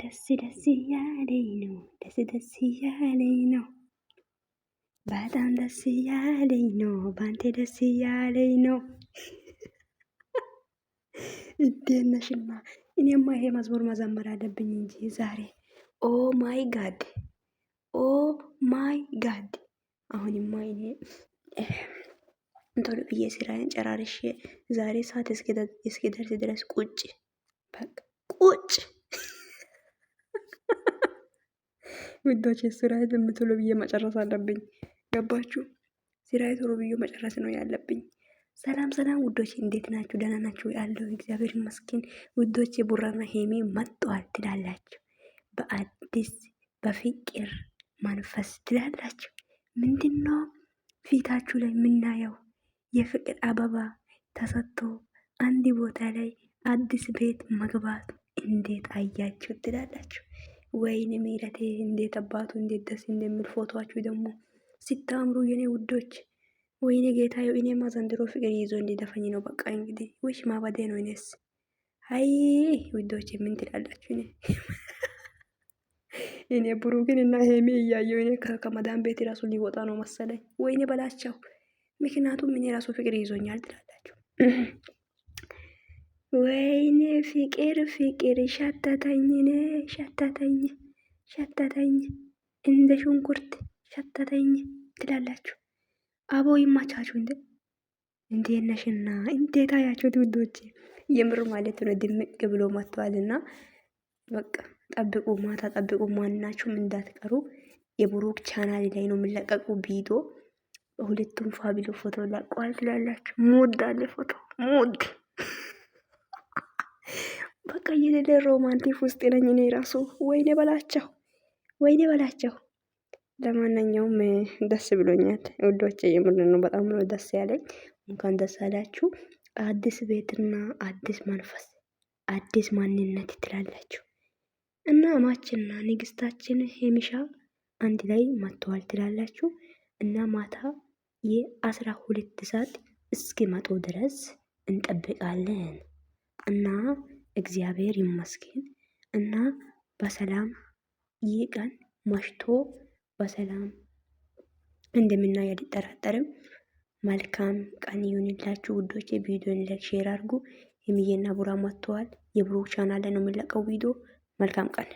ደስ ደስ እያለኝ ነው፣ ደስ ደስ እያለኝ ነው፣ በጣም ደስ እያለኝ ነው፣ በአንቴ ደስ እያለኝ ነው። እንዴት ነሽማ? እኔማ ይሄ መዝሙር መዘመር አለብኝ እንጂ ዛሬ። ኦ ማይ ጋድ፣ ኦ ማይ ጋድ። አሁንማ እኔ ቶሎ ብዬ ስራዬን ጨራርሼ ዛሬ ሰዓት እስኪደርስ ድረስ ቁጭ በቃ ቁጭ ውዶች ስራዬን የምትሉ ብዬ መጨረስ አለብኝ። ገባችሁ? ስራዬ ቶሎ ብዬ መጨረስ ነው ያለብኝ። ሰላም ሰላም ውዶች እንዴት ናችሁ? ደህና ናችሁ? ያለው እግዚአብሔር ይመስገን። ውዶች ቡራና ሄሜ መጥተዋል ትላላችሁ። በአዲስ በፍቅር መንፈስ ትላላችሁ። ምንድን ነው ፊታችሁ ላይ የምናየው? የፍቅር አበባ ተሰጥቶ አንድ ቦታ ላይ አዲስ ቤት መግባቱ እንዴት አያችሁ ትላላችሁ። ወይኔ ምህረቴ እንዴት አባቱ እንዴት ደስ እንደሚል ፎቶዋችሁ ደግሞ ሲታምሩ የኔ ውዶች። ወይኔ ጌታ የው ማዘንድሮ ፍቅር ይዞ እንዲደፈኝ ነው። በቃ እንግዲህ ውሽ ማባዴ ነው። እኔስ አይ ውዶች ምን ትላላችሁ? እኔ እኔ ብሩክን እና ሄሜ እያየው እኔ ከመዳን ቤት ራሱ ሊወጣ ነው መሰለኝ። ወይኔ በላቸው። ምክንያቱም እኔ ራሱ ፍቅር ይዞኛል ትላላችሁ ወይኔ ፍቅር ፍቅር ኔ ሸተተኝ ሸተተኝ እንደ ሽንኩርት ሸተተኝ ትላላችሁ። አቦ ይማቻችሁ። እንዴ እንዴት ነሽና እንዴት አያችሁት ውዶች? የምር ማለት ነው ድምቅ ብሎ መጥቷልና በቃ ጠብቁ፣ ማታ ጠብቁ፣ ማናችሁም እንዳትቀሩ። የብሩክ ቻናል ላይ ነው የሚለቀቁ ቪዲዮ። ሁለቱም ፋሚሊ ፎቶ ላቀዋል ትላላችሁ። ሙድ አለ ፎቶ ሙድ በቃ የሌለ ሮማንቲክ ውስጥ ነኝ እኔ ራሱ። ወይኔ በላቸው፣ ወይኔ በላቸው። ለማንኛውም ደስ ብሎኛል ውዶቼ፣ የምር ነው። በጣም ነው ደስ ያለኝ። እንኳን ደስ አላችሁ። አዲስ ቤትና አዲስ መንፈስ፣ አዲስ ማንነት ትላላችሁ እና ማችንና ንግስታችን ሄሚሻ አንድ ላይ መጥተዋል ትላላችሁ እና ማታ የአስራ ሁለት ሰዓት እስኪመጡ ድረስ እንጠብቃለን። እና እግዚአብሔር ይመስገን እና በሰላም ይህ ቀን መሽቶ በሰላም እንደምናይ አልጠራጠርም። መልካም ቀን ይሁንላችሁ ውዶቼ። ቪዲዮን ላይክ፣ ሼር አድርጉ። ሀይሚዬና ቡራ መጥተዋል። የብሩክ ቻናል ላይ ነው የምንለቀው ቪዲዮ። መልካም ቀን